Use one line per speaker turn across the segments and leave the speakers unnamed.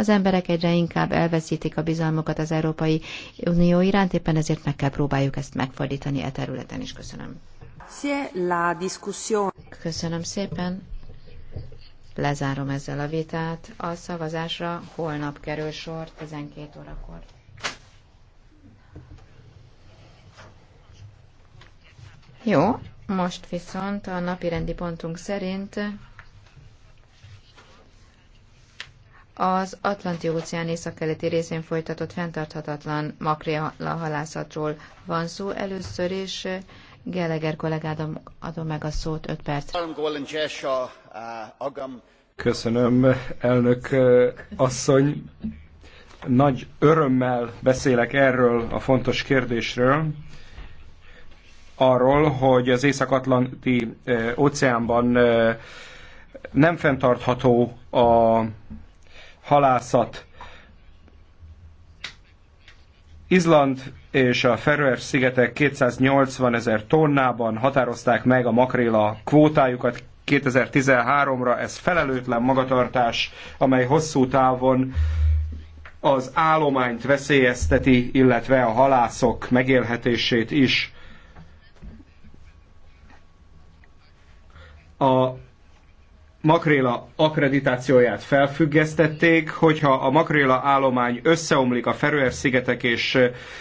Az emberek egyre inkább elveszítik a bizalmukat az Európai Unió iránt, éppen ezért meg kell próbáljuk ezt megfordítani e területen is. Köszönöm. Köszönöm szépen. Lezárom ezzel a vitát. A szavazásra holnap kerül sor 12 órakor. Jó, most viszont a napi rendi pontunk szerint az Atlanti-óceán északkeleti részén folytatott fenntarthatatlan makréla halászatról van szó. Először is eh, Geleger kollégádom adom meg a szót 5 perc.
Köszönöm, elnök eh, asszony. Nagy örömmel beszélek erről a fontos kérdésről arról, hogy az Észak-Atlanti eh, óceánban nem fenntartható a halászat. Izland és a Feröer szigetek 280 ezer tonnában határozták meg a makréla kvótájukat 2013-ra. Ez felelőtlen magatartás, amely hosszú távon az állományt veszélyezteti, illetve a halászok megélhetését is. A makréla akkreditációját felfüggesztették, hogyha a makréla állomány összeomlik a Feröer-szigetek és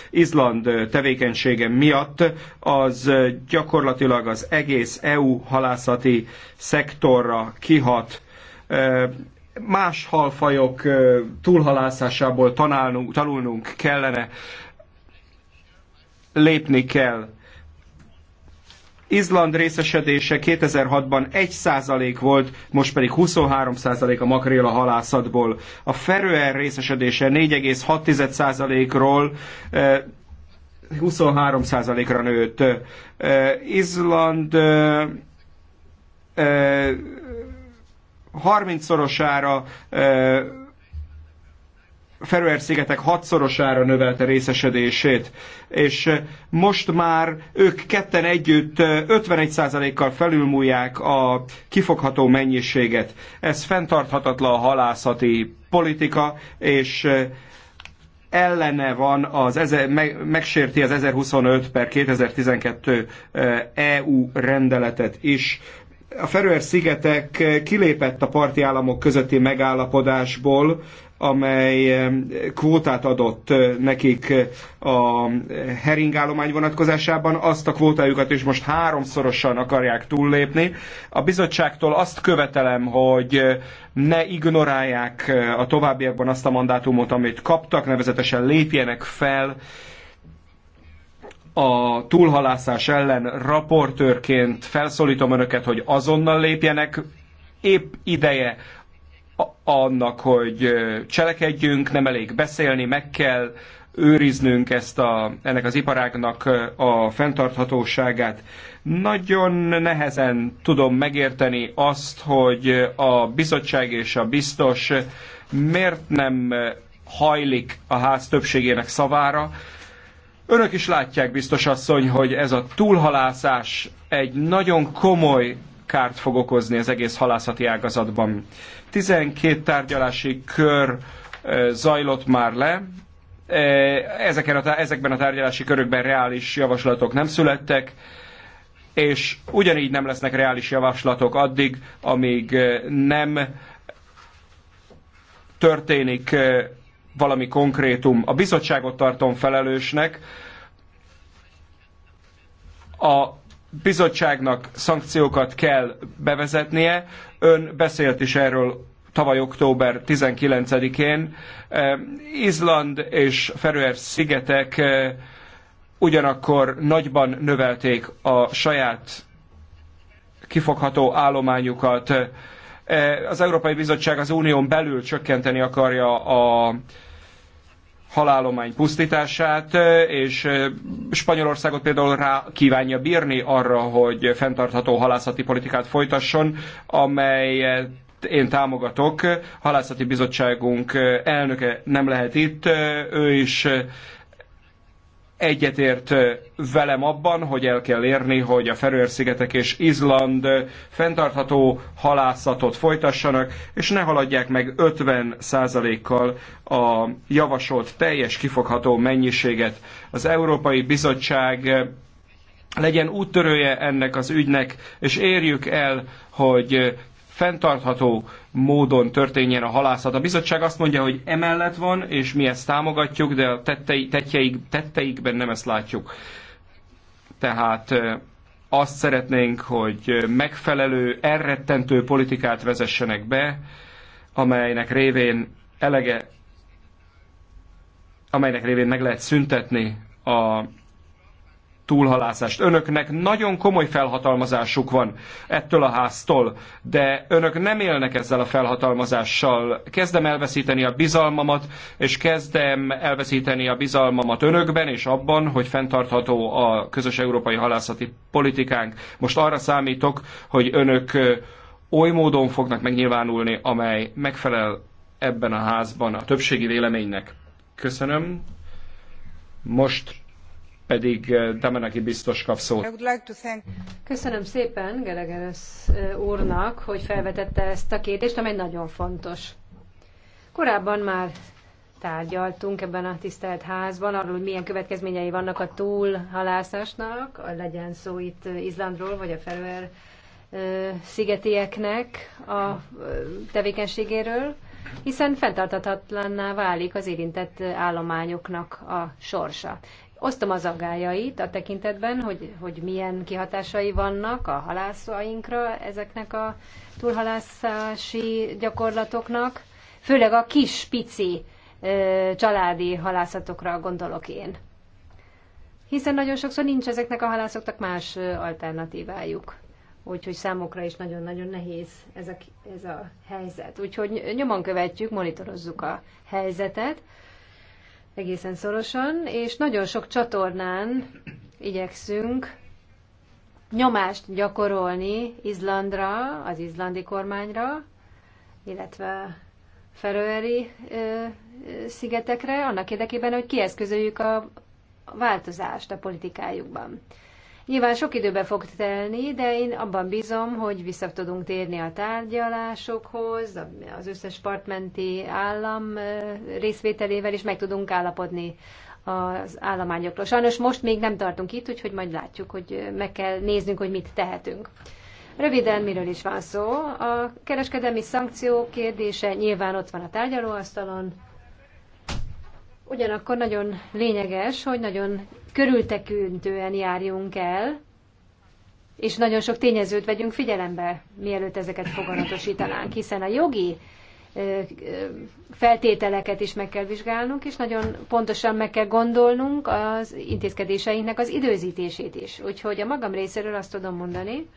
Izland tevékenysége miatt, az gyakorlatilag az egész EU halászati szektorra kihat. Más halfajok túlhalászásából tanulnunk, kellene, lépni kell Izland részesedése 2006-ban 1% volt, most pedig 23% a makréla halászatból. A Feröer részesedése 4,6%-ról 23%-ra nőtt. Izland 30-szorosára Feröer-szigetek hatszorosára növelte részesedését, és eh, most már ők ketten együtt 51%-kal eh, felülmúlják a kifogható mennyiséget. Ez fenntarthatatlan a halászati politika, és eh, ellene van, az eze, meg, megsérti az 1025 per 2012 EU e rendeletet is. A Feröer-szigetek kilépett a parti államok közötti megállapodásból, amely eh, kvótát adott eh, nekik eh, a heringállomány vonatkozásában, azt a kvótájukat is most háromszorosan akarják túllépni. A bizottságtól azt követelem, hogy ne ignorálják a továbbiakban azt a mandátumot, amit kaptak, nevezetesen lépjenek fel a túlhalászás ellen raportőrként felszólítom önöket, hogy azonnal lépjenek, épp ideje annak, hogy cselekedjünk, nem elég beszélni, meg kell őriznünk ezt a, ennek az iparágnak a fenntarthatóságát. Nagyon nehezen tudom megérteni azt, hogy a bizottság és a biztos miért nem hajlik a ház többségének szavára. Önök is látják, biztos asszony, hogy ez a túlhalászás egy nagyon komoly kárt fog okozni az egész halászati ágazatban. 12 tárgyalási kör eh, zajlott már le, eh, ezeken a, ezekben a tárgyalási körökben reális javaslatok nem születtek, és ugyanígy nem lesznek reális javaslatok addig, amíg eh, nem történik valami konkrétum. A bizottságot tartom felelősnek, a bizottságnak szankciókat kell bevezetnie. Ön beszélt is erről tavaly október 19-én. Izland és Feröer szigetek ugyanakkor nagyban növelték a saját kifogható állományukat. Az Európai Bizottság az unión belül csökkenteni akarja a halálomány pusztítását, és Spanyolországot például rá kívánja bírni arra, hogy fenntartható halászati politikát folytasson, amelyet én támogatok. Halászati Bizottságunk elnöke nem lehet itt, ő is egyetért velem abban, hogy el kell érni, hogy a Ferőer-szigetek és Izland fenntartható halászatot folytassanak, és ne haladják meg 50%-kal a javasolt teljes kifogható mennyiséget. Az Európai Bizottság legyen úttörője ennek az ügynek, és érjük el, hogy fenntartható módon történjen a halászat. A bizottság azt mondja, hogy emellett van, és mi ezt támogatjuk, de a tettei, tettjeik, tetteikben nem ezt látjuk. Tehát azt szeretnénk, hogy megfelelő, elrettentő politikát vezessenek be, amelynek révén elege, amelynek révén meg lehet szüntetni a túlhalászást. Önöknek nagyon komoly felhatalmazásuk van ettől a háztól, de önök nem élnek ezzel a felhatalmazással. Kezdem elveszíteni a bizalmamat, és kezdem elveszíteni a bizalmamat önökben, és abban, hogy fenntartható a közös európai halászati politikánk. Most arra számítok, hogy önök oly módon fognak megnyilvánulni, amely megfelel ebben a házban a többségi véleménynek. Köszönöm. Most pedig Damanaki eh, biztos kap szót.
Köszönöm szépen Gelegeresz eh, úrnak, hogy felvetette ezt a kérdést, amely nagyon fontos. Korábban már tárgyaltunk ebben a tisztelt házban arról, hogy milyen következményei vannak a túlhalászásnak, legyen szó itt eh, Izlandról vagy a Feröer szigetieknek a tevékenységéről, hiszen fenntartathatlanná válik az érintett állományoknak a sorsa. Osztom az aggájait a tekintetben, hogy, hogy milyen kihatásai vannak a halászainkra ezeknek a túlhalászási gyakorlatoknak, főleg a kis, pici családi halászatokra gondolok én. Hiszen nagyon sokszor nincs ezeknek a halászoknak más alternatívájuk. Úgyhogy számokra is nagyon-nagyon nehéz ez a, ez a helyzet. Úgyhogy nyomon követjük, monitorozzuk a helyzetet egészen szorosan, és nagyon sok csatornán igyekszünk nyomást gyakorolni Izlandra, az izlandi kormányra, illetve Feröeri szigetekre, annak érdekében, hogy kieszközöljük a változást a politikájukban. Nyilván sok időbe fog telni, de én abban bízom, hogy vissza tudunk térni a tárgyalásokhoz, az összes partmenti állam részvételével, és meg tudunk állapodni az állományokról. Sajnos most még nem tartunk itt, úgyhogy majd látjuk, hogy meg kell néznünk, hogy mit tehetünk. Röviden miről is van szó. A kereskedelmi szankció kérdése nyilván ott van a tárgyalóasztalon, Ugyanakkor nagyon lényeges, hogy nagyon körültekintően járjunk el, és nagyon sok tényezőt vegyünk figyelembe, mielőtt ezeket foganatosítanánk, hiszen a jogi feltételeket is meg kell vizsgálnunk, és nagyon pontosan meg kell gondolnunk az intézkedéseinknek az időzítését is. Úgyhogy a magam részéről azt tudom mondani,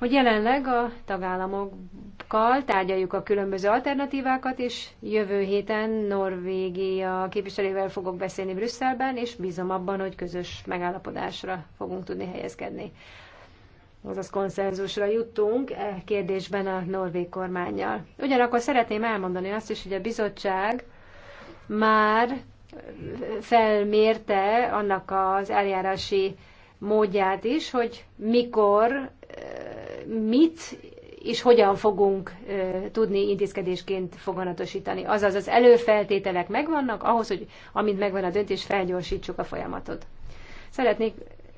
hogy jelenleg a tagállamokkal tárgyaljuk a különböző alternatívákat, és jövő héten Norvégia képviselővel fogok beszélni Brüsszelben, és bízom abban, hogy közös megállapodásra fogunk tudni helyezkedni. Azaz konszenzusra juttunk e kérdésben a norvég kormányjal. Ugyanakkor szeretném elmondani azt is, hogy a bizottság már felmérte annak az eljárási módját is, hogy mikor mit és hogyan fogunk tudni intézkedésként foganatosítani. Azaz az előfeltételek megvannak ahhoz, hogy amint megvan a döntés, felgyorsítsuk a folyamatot. Szeretnék,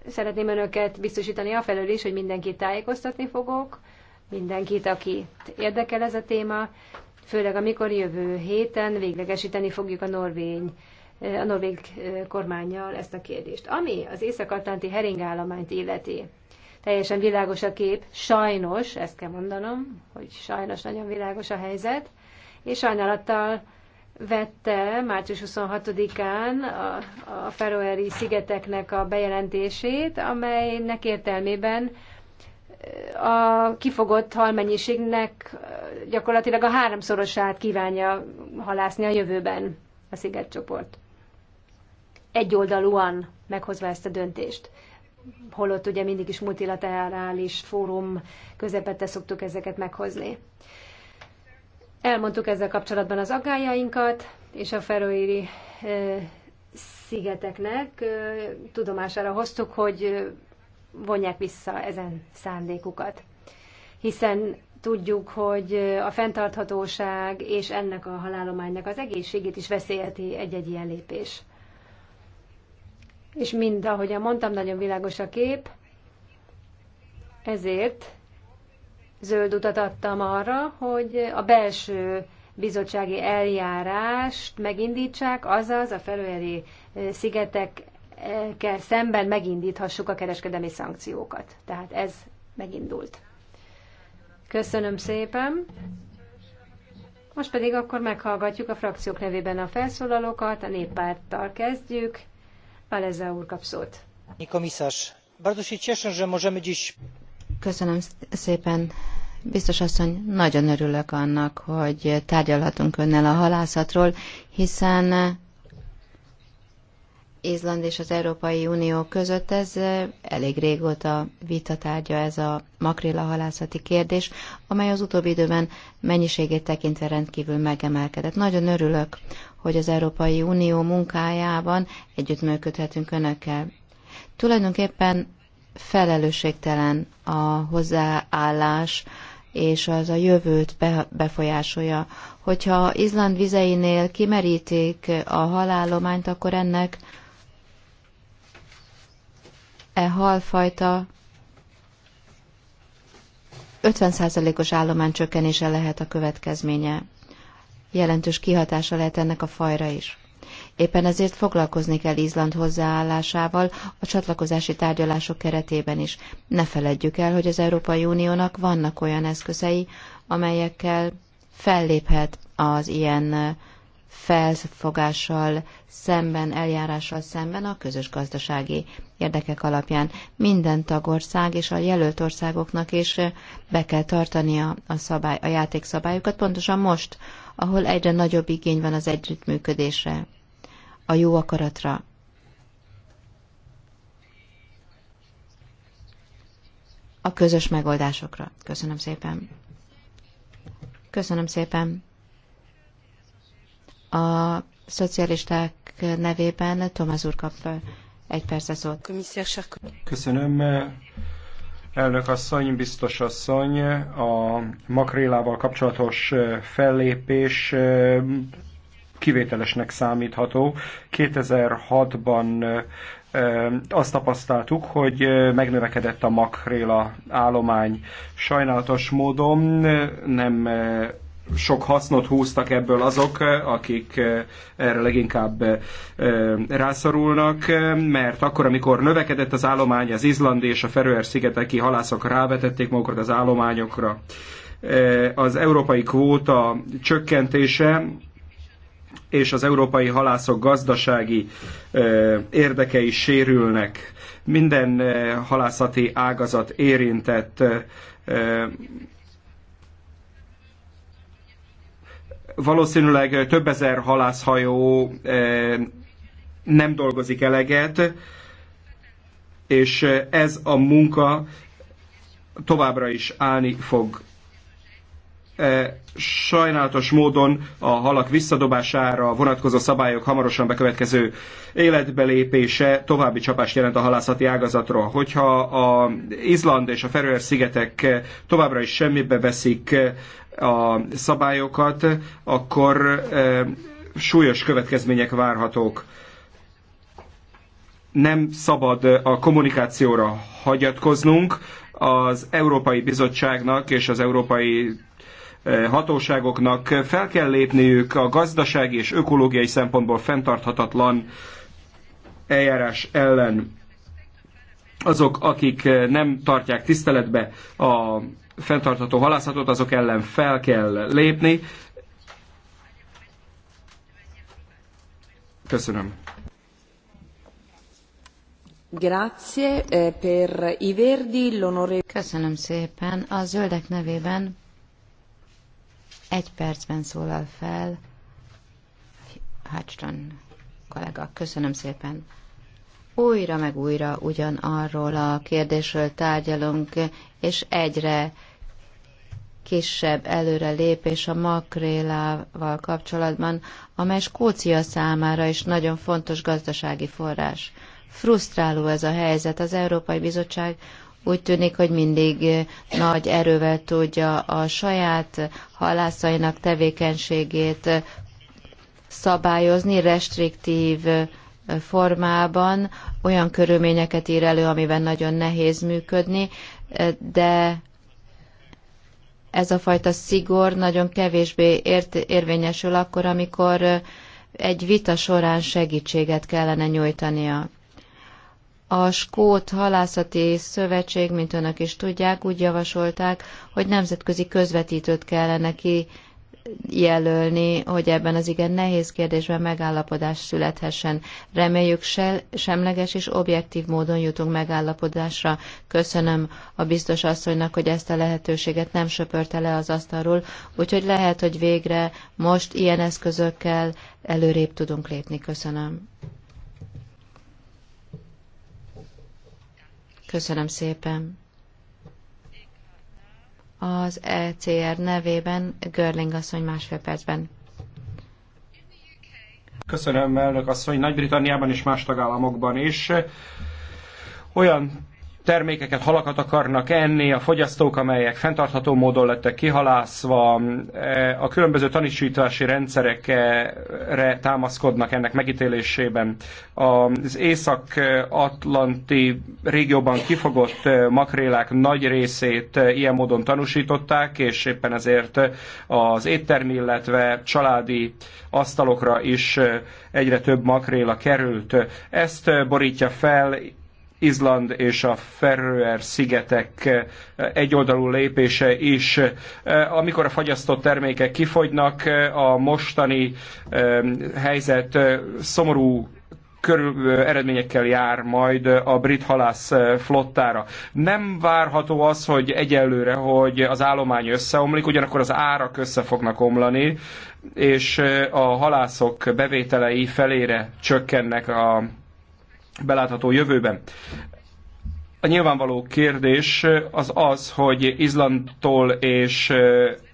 szeretném önöket biztosítani a felől is, hogy mindenkit tájékoztatni fogok, mindenkit, akit érdekel ez a téma, főleg amikor jövő héten véglegesíteni fogjuk a norvény a norvég kormányjal ezt a kérdést. Ami az észak-atlanti heringállományt illeti, teljesen világos a kép. Sajnos, ezt kell mondanom, hogy sajnos nagyon világos a helyzet, és sajnálattal vette március 26-án a, a Feroeri szigeteknek a bejelentését, amelynek értelmében a kifogott halmennyiségnek gyakorlatilag a háromszorosát kívánja halászni a jövőben a szigetcsoport. Egyoldalúan meghozva ezt a döntést holott ugye mindig is multilaterális fórum közepette szoktuk ezeket meghozni. Elmondtuk ezzel kapcsolatban az aggájainkat, és a Feroíri szigeteknek tudomására hoztuk, hogy vonják vissza ezen szándékukat. Hiszen tudjuk, hogy a fenntarthatóság és ennek a halálománynak az egészségét is veszélyeti egy-egy ilyen lépés és mind, ahogy mondtam, nagyon világos a kép, ezért zöld utat adtam arra, hogy a belső bizottsági eljárást megindítsák, azaz a felőeri szigetekkel szemben megindíthassuk a kereskedelmi szankciókat. Tehát ez megindult. Köszönöm szépen. Most pedig akkor meghallgatjuk a frakciók nevében a felszólalókat, a néppárttal kezdjük. Paleza Komisarz, bardzo się cieszę, że możemy dziś...
Köszönöm szépen, Biztos asszony, nagyon örülök annak, hogy tárgyalhatunk önnel a halászatról, hiszen Izland és az Európai Unió között ez elég régóta vitatárgya ez a makrilla halászati kérdés, amely az utóbbi időben mennyiségét tekintve rendkívül megemelkedett. Nagyon örülök, hogy az Európai Unió munkájában együttműködhetünk önökkel. Tulajdonképpen felelősségtelen a hozzáállás, és az a jövőt befolyásolja. Hogyha Izland vizeinél kimerítik a halállományt, akkor ennek e halfajta 50%-os állomány csökkenése lehet a következménye. Jelentős kihatása lehet ennek a fajra is. Éppen ezért foglalkozni kell Izland hozzáállásával a csatlakozási tárgyalások keretében is. Ne feledjük el, hogy az Európai Uniónak vannak olyan eszközei, amelyekkel felléphet az ilyen felfogással szemben, eljárással szemben a közös gazdasági érdekek alapján. Minden tagország és a jelölt országoknak is be kell tartania a, szabály, a játékszabályokat, pontosan most, ahol egyre nagyobb igény van az együttműködésre, a jó akaratra. a közös megoldásokra. Köszönöm szépen. Köszönöm szépen. A szocialisták nevében Tomás úr kap egy percre szót.
Köszönöm. Elnök asszony, biztos asszony, a makrélával kapcsolatos fellépés kivételesnek számítható. 2006-ban azt tapasztaltuk, hogy megnövekedett a makréla állomány. Sajnálatos módon nem sok hasznot húztak ebből azok, akik eh, erre leginkább eh, eh, rászorulnak, mert akkor, amikor növekedett az állomány, az izlandi és a Feröer-szigeteki halászok rávetették magukat az állományokra. Az európai kvóta csökkentése és az európai halászok gazdasági érdekei sérülnek. Minden halászati ágazat érintett valószínűleg több ezer halászhajó eh, nem dolgozik eleget, és ez a munka továbbra is állni fog. E, sajnálatos módon a halak visszadobására vonatkozó szabályok hamarosan bekövetkező életbelépése további csapást jelent a halászati ágazatról, Hogyha a Izland és a Ferőer szigetek továbbra is semmibe veszik a szabályokat, akkor e, súlyos következmények várhatók. Nem szabad a kommunikációra hagyatkoznunk, az Európai Bizottságnak és az Európai hatóságoknak fel kell lépniük a gazdasági és ökológiai szempontból fenntarthatatlan eljárás ellen. Azok, akik nem tartják tiszteletbe a fenntartható halászatot, azok ellen fel kell lépni. Köszönöm.
Grazie eh, per i verdi l'onore. Köszönöm szépen. A zöldek nevében egy percben szólal fel Hatchton kollega. Köszönöm szépen. Újra meg újra ugyanarról a kérdésről tárgyalunk, és egyre kisebb előrelépés a makrélával kapcsolatban, amely Skócia számára is nagyon fontos gazdasági forrás. Frusztráló ez a helyzet. Az Európai Bizottság úgy tűnik, hogy mindig nagy erővel tudja a saját halászainak tevékenységét szabályozni restriktív formában, olyan körülményeket ír elő, amiben nagyon nehéz működni, de ez a fajta szigor nagyon kevésbé ért, érvényesül akkor, amikor egy vita során segítséget kellene nyújtania. A Skót Halászati Szövetség, mint önök is tudják, úgy javasolták, hogy nemzetközi közvetítőt kellene ki jelölni, hogy ebben az igen nehéz kérdésben megállapodás születhessen. Reméljük se, semleges és objektív módon jutunk megállapodásra. Köszönöm a biztos asszonynak, hogy ezt a lehetőséget nem söpörte le az asztalról, úgyhogy lehet, hogy végre most ilyen eszközökkel előrébb tudunk lépni. Köszönöm. Köszönöm szépen. Az ECR nevében Görling asszony másfél percben.
Köszönöm, elnök asszony. Nagy-Britanniában és más tagállamokban is olyan termékeket, halakat akarnak enni, a fogyasztók, amelyek fenntartható módon lettek kihalászva, e, a különböző tanúsítási rendszerekre támaszkodnak ennek megítélésében. Az észak-atlanti régióban kifogott makrélák nagy részét ilyen módon tanúsították, és éppen ezért az éttermi, illetve családi asztalokra is egyre több makréla került. Ezt borítja fel Izland és a Feröer szigetek eh, egyoldalú lépése is. Eh, amikor a fagyasztott termékek kifogynak, eh, a mostani helyzet szomorú körül eredményekkel jár majd a brit halász flottára. Nem várható az, hogy egyelőre, hogy az állomány összeomlik, ugyanakkor az árak össze fognak omlani, és a halászok bevételei felére csökkennek a belátható jövőben. A nyilvánvaló kérdés az az, hogy Izlandtól és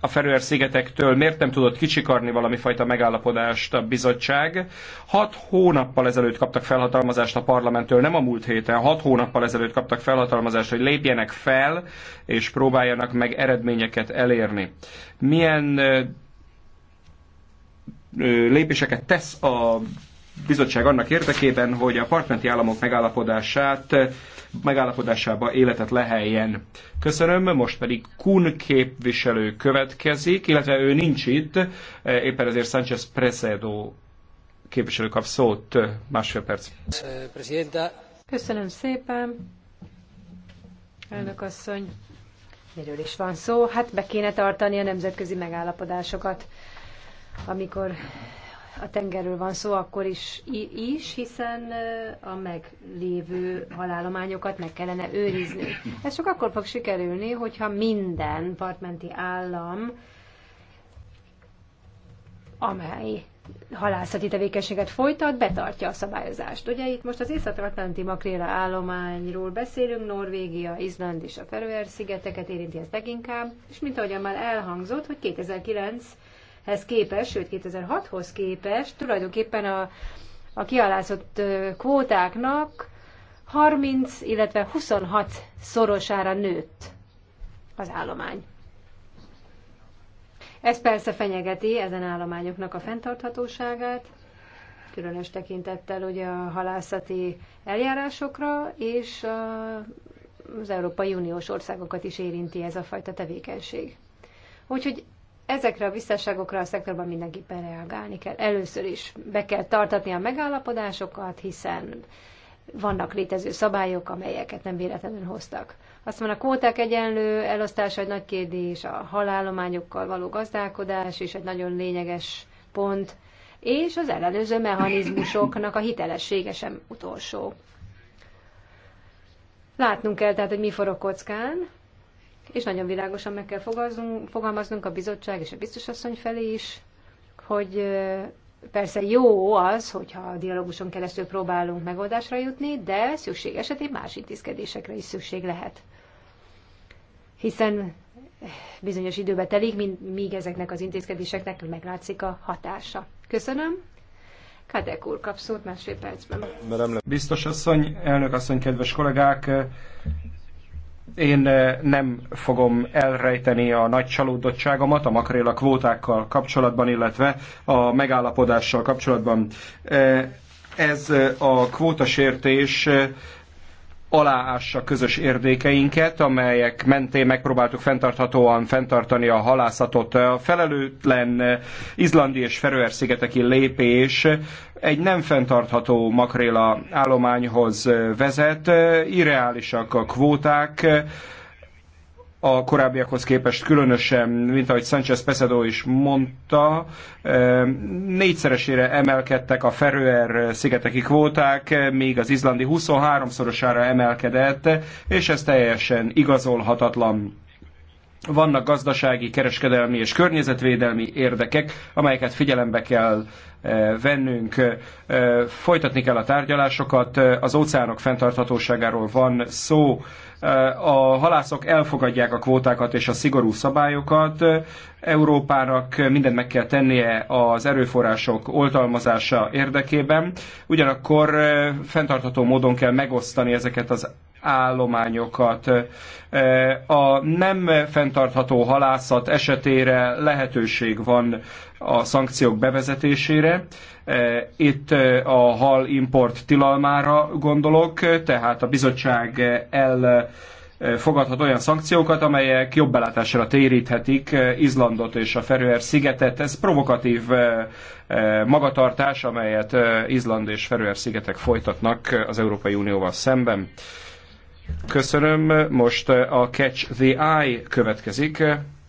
a Ferőer szigetektől miért nem tudott kicsikarni valami fajta megállapodást a bizottság. Hat hónappal ezelőtt kaptak felhatalmazást a parlamenttől, nem a múlt héten, hat hónappal ezelőtt kaptak felhatalmazást, hogy lépjenek fel és próbáljanak meg eredményeket elérni. Milyen lépéseket tesz a bizottság annak érdekében, hogy a partmenti államok megállapodását megállapodásába életet leheljen. Köszönöm, most pedig Kun képviselő következik, illetve ő nincs itt, éppen ezért Sánchez Presedo képviselő kap szót, másfél perc.
Köszönöm szépen, elnök asszony. Miről is van szó? Hát be kéne tartani a nemzetközi megállapodásokat, amikor a tengerről van szó, akkor is, is hiszen a meglévő halálományokat meg kellene őrizni. Ez csak akkor fog sikerülni, hogyha minden partmenti állam, amely halászati tevékenységet folytat, betartja a szabályozást. Ugye itt most az Észak-Atlanti makréla állományról beszélünk, Norvégia, Izland és a Feröer szigeteket érinti ez leginkább, és mint ahogyan már elhangzott, hogy 2009 2007-hez képest, sőt 2006-hoz képest tulajdonképpen a, a kialázott kvótáknak 30, illetve 26 szorosára nőtt az állomány. Ez persze fenyegeti ezen állományoknak a fenntarthatóságát, különös tekintettel ugye a halászati eljárásokra, és az Európai Uniós országokat is érinti ez a fajta tevékenység. Úgyhogy ezekre a visszaságokra a szektorban mindenképpen reagálni kell. Először is be kell tartatni a megállapodásokat, hiszen vannak létező szabályok, amelyeket nem véletlenül hoztak. van a kvóták egyenlő elosztása egy nagy kérdés, a halálományokkal való gazdálkodás is egy nagyon lényeges pont, és az ellenőző mechanizmusoknak a hitelessége sem utolsó. Látnunk kell tehát, hogy mi forog kockán, és nagyon világosan meg kell fogalmaznunk a bizottság és a biztosasszony felé is, hogy persze jó az, hogyha a dialóguson keresztül próbálunk megoldásra jutni, de szükség esetén más intézkedésekre is szükség lehet. Hiszen bizonyos időbe telik, míg ezeknek az intézkedéseknek meglátszik a hatása. Köszönöm. Kadek úr kap szót másfél percben.
Biztos asszony, elnök asszony, kedves kollégák, én nem fogom elrejteni a nagy csalódottságomat a makréla kvótákkal kapcsolatban, illetve a megállapodással kapcsolatban. Ez a kvótasértés aláássa közös érdékeinket, amelyek mentén megpróbáltuk fenntarthatóan fenntartani a halászatot. A felelőtlen izlandi és Feröer-szigeteki lépés egy nem fenntartható makréla állományhoz vezet, irreálisak a kvóták, a korábbiakhoz képest különösen, mint ahogy Sanchez Pesedo is mondta, eh, négyszeresére emelkedtek a Feröer szigeteki kvóták, míg az izlandi 23-szorosára emelkedett, és ez teljesen igazolhatatlan. Vannak gazdasági, kereskedelmi és környezetvédelmi érdekek, amelyeket figyelembe kell Eh, vennünk. Eh, folytatni kell a tárgyalásokat, eh, az óceánok fenntarthatóságáról van szó, a halászok elfogadják a kvótákat és a szigorú szabályokat. Európának mindent meg kell tennie az erőforrások oltalmazása érdekében, ugyanakkor fenntartható módon kell megosztani ezeket az állományokat. Eh, a nem fenntartható halászat esetére lehetőség van a szankciók bevezetésére. Eh, itt eh, a hal import tilalmára gondolok, tehát a bizottság el fogadhat olyan szankciókat, amelyek jobb belátásra téríthetik Izlandot és a Ferőer szigetet. Ez provokatív magatartás, amelyet Izland és Ferőer szigetek folytatnak az Európai Unióval szemben. Köszönöm. Most eh, a Catch the Eye következik.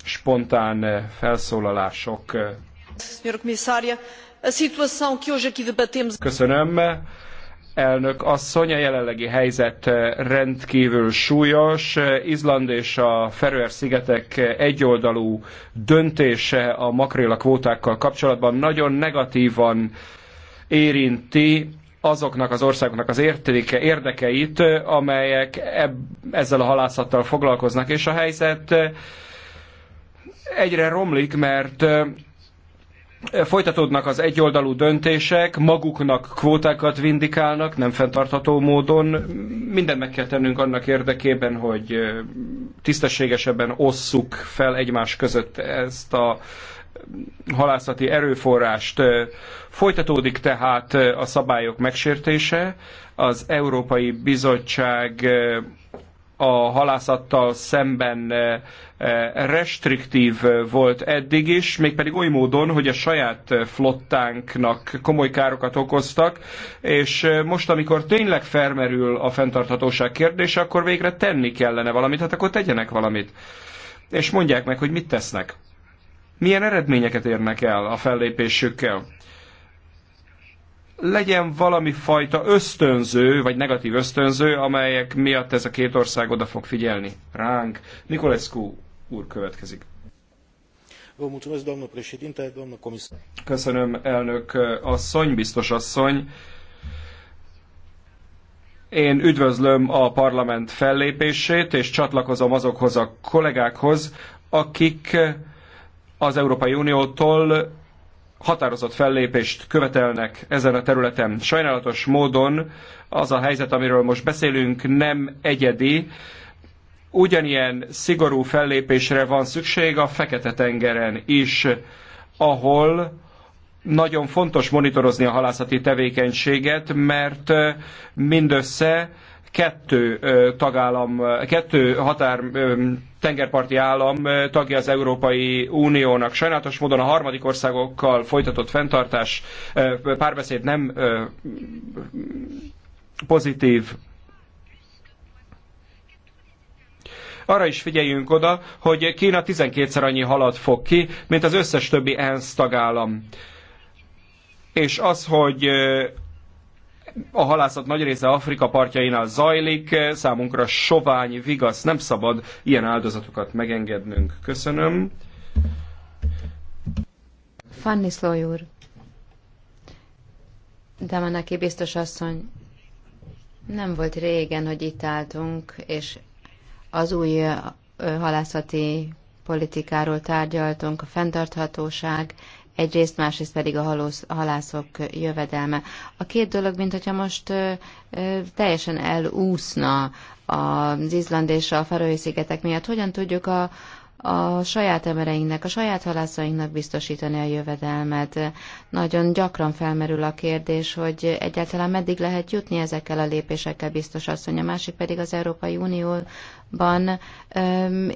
Spontán eh, felszólalások. Eh. Köszönöm. Elnök asszony, a jelenlegi helyzet rendkívül súlyos. Izland és a Feröer szigetek egyoldalú döntése a makréla kvótákkal kapcsolatban nagyon negatívan érinti azoknak az országoknak az értéke, érdekeit, amelyek eb, ezzel a halászattal foglalkoznak, és a helyzet egyre romlik, mert folytatódnak az egyoldalú döntések, maguknak kvótákat vindikálnak, nem fenntartható módon. minden meg kell tennünk annak érdekében, hogy tisztességesebben osszuk fel egymás között ezt a halászati erőforrást. Folytatódik tehát a szabályok megsértése. Az Európai Bizottság a halászattal szemben restriktív volt eddig is, mégpedig oly módon, hogy a saját flottánknak komoly károkat okoztak, és most, amikor tényleg felmerül a fenntarthatóság kérdése, akkor végre tenni kellene valamit, hát akkor tegyenek valamit. És mondják meg, hogy mit tesznek milyen eredményeket érnek el a fellépésükkel. Legyen valami fajta ösztönző, vagy negatív ösztönző, amelyek miatt ez a két ország oda fog figyelni ránk. Nikolescu úr következik. Köszönöm, elnök asszony, biztos asszony. Én üdvözlöm a parlament fellépését, és csatlakozom azokhoz a kollégákhoz, akik az Európai Uniótól határozott fellépést követelnek ezen a területen. Sajnálatos módon az a helyzet, amiről most beszélünk, nem egyedi. Ugyanilyen szigorú fellépésre van szükség a Fekete-tengeren is, ahol nagyon fontos monitorozni a halászati tevékenységet, mert mindössze kettő tagállam, kettő határ tengerparti állam tagja az Európai Uniónak. Sajnálatos módon a harmadik országokkal folytatott fenntartás, párbeszéd nem pozitív arra is figyeljünk oda, hogy Kína 12-szer annyi halat fog ki, mint az összes többi ENSZ tagállam. És az, hogy a halászat nagy része Afrika partjainál zajlik, számunkra sovány, vigasz, nem szabad ilyen áldozatokat megengednünk. Köszönöm.
Fanny Szlój úr. De van neki biztos asszony, nem volt régen, hogy itt álltunk, és az új halászati politikáról tárgyaltunk, a fenntarthatóság egyrészt, másrészt pedig a halósz, halászok jövedelme. A két dolog, mint hogyha most ö, ö, teljesen elúszna az Izland és a Faroe szigetek miatt, hogyan tudjuk a, a saját embereinknek, a saját halászainknak biztosítani a jövedelmet. Nagyon gyakran felmerül a kérdés, hogy egyáltalán meddig lehet jutni ezekkel a lépésekkel, biztos asszony. A másik pedig az Európai Unió Ban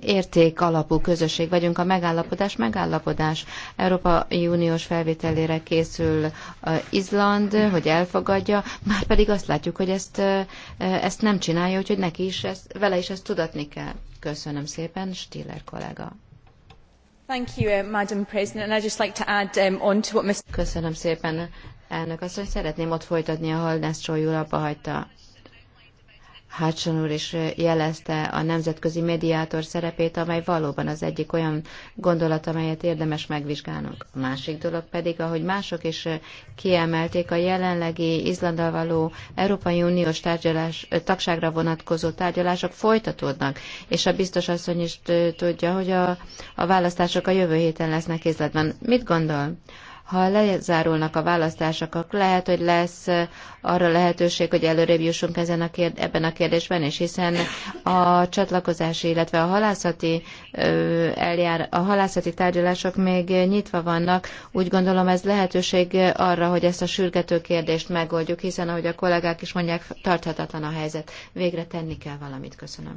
érték alapú közösség vagyunk. A megállapodás megállapodás. Európai Uniós felvételére készül Izland, hogy elfogadja, már pedig azt látjuk, hogy ezt, ezt nem csinálja, úgyhogy neki is ezt, vele is ezt tudatni kell. Köszönöm szépen, Stiller kollega. Köszönöm szépen, elnök hogy Szeretném ott folytatni, ahol Nestor úr abba hagyta Hudson úr is jelezte a nemzetközi mediátor szerepét, amely valóban az egyik olyan gondolat, amelyet érdemes megvizsgálnunk. A másik dolog pedig, ahogy mások is kiemelték, a jelenlegi Izlandal való Európai Uniós tárgyalás, tagságra vonatkozó tárgyalások folytatódnak, és a biztos asszony is tudja, hogy a, a választások a jövő héten lesznek Izlandban. Mit gondol? Ha lezárulnak a választások, akkor lehet, hogy lesz eh, arra lehetőség, hogy előrébb jussunk ezen a kérd- ebben a kérdésben is, hiszen a csatlakozási, illetve a halászati, eljár, a halászati tárgyalások még nyitva vannak. Úgy gondolom ez lehetőség arra, hogy ezt a sürgető kérdést megoldjuk, hiszen ahogy a kollégák is mondják, tarthatatlan a helyzet. Végre tenni kell valamit. Köszönöm.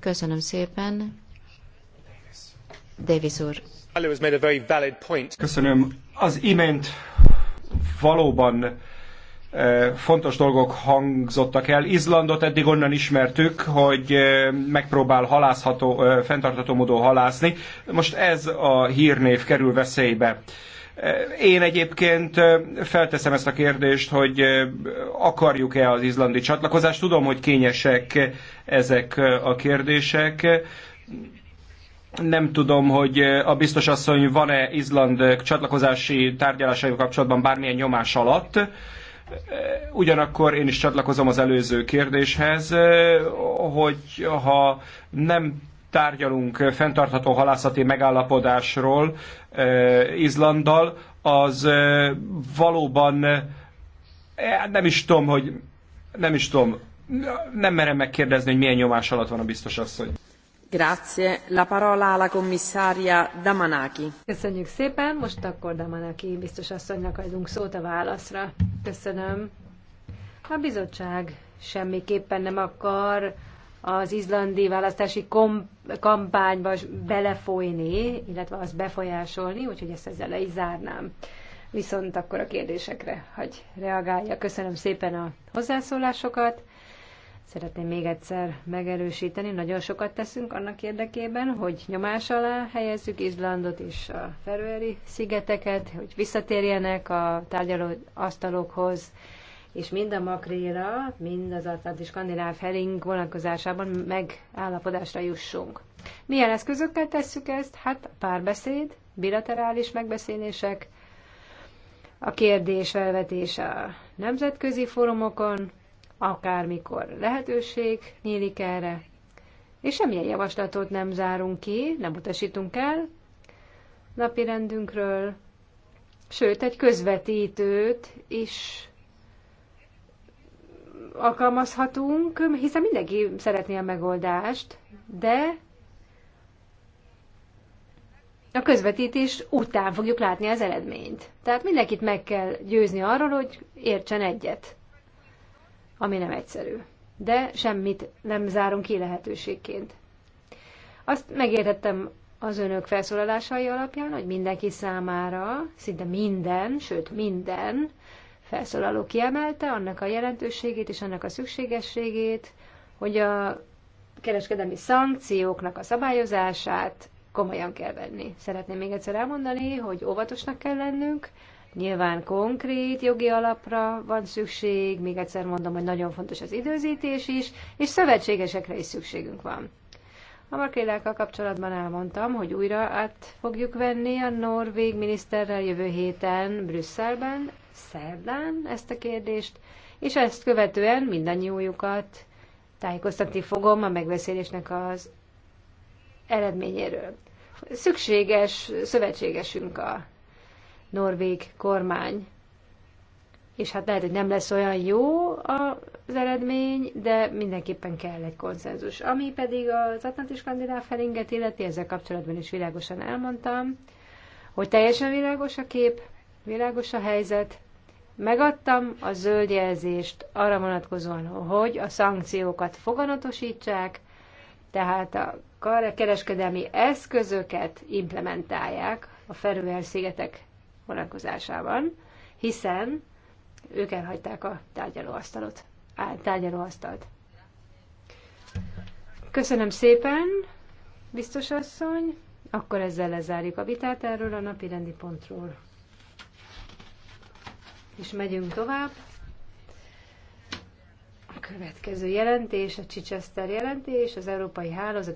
Köszönöm szépen. Davis úr.
Köszönöm. Az imént valóban eh, fontos dolgok hangzottak el. Izlandot eddig onnan ismertük, hogy eh, megpróbál halászható, eh, fenntartható módon halászni. Most ez a hírnév kerül veszélybe. Én egyébként felteszem ezt a kérdést, hogy akarjuk-e az izlandi csatlakozást. Tudom, hogy kényesek ezek a kérdések nem tudom, hogy eh, a biztos asszony van-e Izland eh, csatlakozási tárgyalásaival kapcsolatban bármilyen nyomás alatt. Eh, ugyanakkor én is csatlakozom az előző kérdéshez, hogy ha nem tárgyalunk fenntartható halászati megállapodásról Izlanddal, az valóban hát nem is tudom, hogy nem is tudom, nem merem megkérdezni, hogy milyen nyomás alatt van a biztos asszony.
Köszönjük szépen, most akkor Damanaki biztos asszonynak adunk szót a válaszra. Köszönöm. A bizottság semmiképpen nem akar az izlandi választási kom- kampányba belefolyni, illetve azt befolyásolni, úgyhogy ezt ezzel le is zárnám. Viszont akkor a kérdésekre, hagy reagálja. Köszönöm szépen a hozzászólásokat. Szeretném még egyszer megerősíteni, nagyon sokat teszünk annak érdekében, hogy nyomás alá helyezzük Izlandot és a Ferőeri szigeteket, hogy visszatérjenek a tárgyaló asztalokhoz, és mind a makréra, mind az atlanti skandináv hering vonatkozásában megállapodásra jussunk. Milyen eszközökkel tesszük ezt? Hát a párbeszéd, bilaterális megbeszélések, a kérdés felvetése a nemzetközi fórumokon, akármikor lehetőség nyílik erre, és semmilyen javaslatot nem zárunk ki, nem utasítunk el napi rendünkről, sőt, egy közvetítőt is alkalmazhatunk, hiszen mindenki szeretné a megoldást, de a közvetítés után fogjuk látni az eredményt. Tehát mindenkit meg kell győzni arról, hogy értsen egyet ami nem egyszerű. De semmit nem zárunk ki lehetőségként. Azt megértettem az önök felszólalásai alapján, hogy mindenki számára, szinte minden, sőt minden felszólaló kiemelte annak a jelentőségét és annak a szükségességét, hogy a kereskedelmi szankcióknak a szabályozását komolyan kell venni. Szeretném még egyszer elmondani, hogy óvatosnak kell lennünk, Nyilván konkrét jogi alapra van szükség, még egyszer mondom, hogy nagyon fontos az időzítés is, és szövetségesekre is szükségünk van. A makréllákkal kapcsolatban elmondtam, hogy újra át fogjuk venni a norvég miniszterrel jövő héten Brüsszelben, szerdán ezt a kérdést, és ezt követően mindannyiójukat tájékoztatni fogom a megbeszélésnek az eredményéről. Szükséges szövetségesünk a norvég kormány. És hát lehet, hogy nem lesz olyan jó az eredmény, de mindenképpen kell egy konszenzus. Ami pedig az Atlantis skandináv felinget illeti, ezzel kapcsolatban is világosan elmondtam, hogy teljesen világos a kép, világos a helyzet, Megadtam a zöld jelzést arra vonatkozóan, hogy a szankciókat foganatosítsák, tehát a kereskedelmi eszközöket implementálják a Feröer szigetek vonatkozásában, hiszen ők elhagyták a tárgyalóasztalot. Á, tárgyalóasztalt. Köszönöm szépen, biztos asszony. Akkor ezzel lezárjuk a vitát erről a napi rendi pontról. És megyünk tovább. A következő jelentés, a Chichester jelentés, az Európai Hálózati